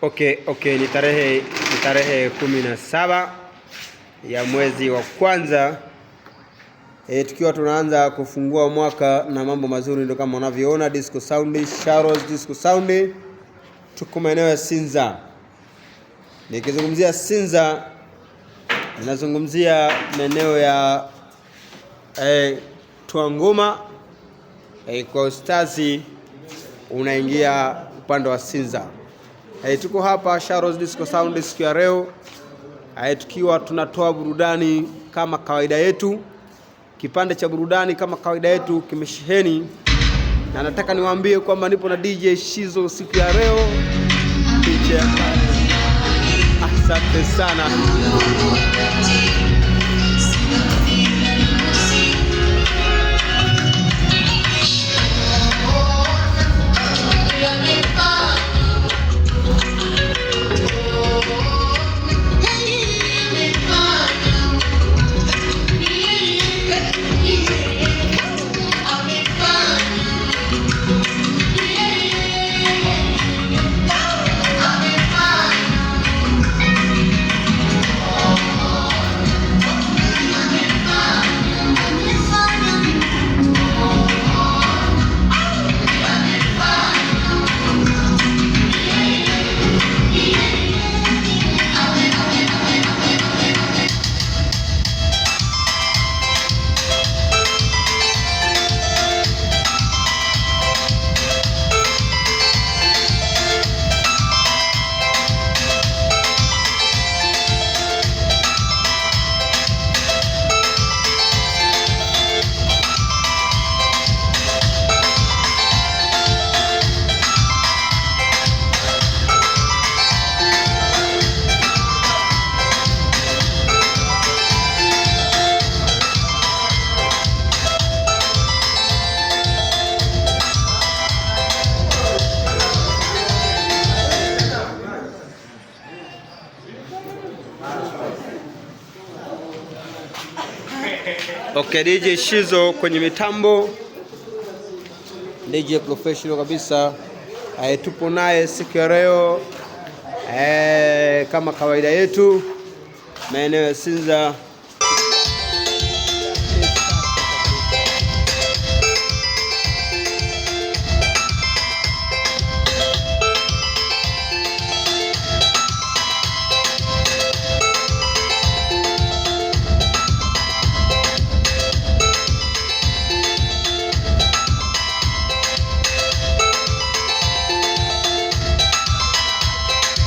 Okay, okay, ni tarehe ni tarehe kumi na saba ya mwezi wa kwanza e, tukiwa tunaanza kufungua mwaka na mambo mazuri, ndio kama unavyoona Disco Sound, Sharos Disco Sound, tuko maeneo ya Sinza. Nikizungumzia Sinza ninazungumzia maeneo ya e, Twangoma e, kwa ustazi unaingia upande wa Sinza. Hey, tuko hapa Sharos Disco Sound siku ya leo tukiwa tunatoa burudani kama kawaida yetu. Kipande cha burudani kama kawaida yetu kimesheheni, na nataka niwaambie kwamba nipo na DJ Shizo siku ya leo. Asante sana. Bye. Okay, DJ Shizo kwenye mitambo, DJ professional kabisa. Eh, tupo naye siku ya leo eh, kama kawaida yetu maeneo ya Sinza.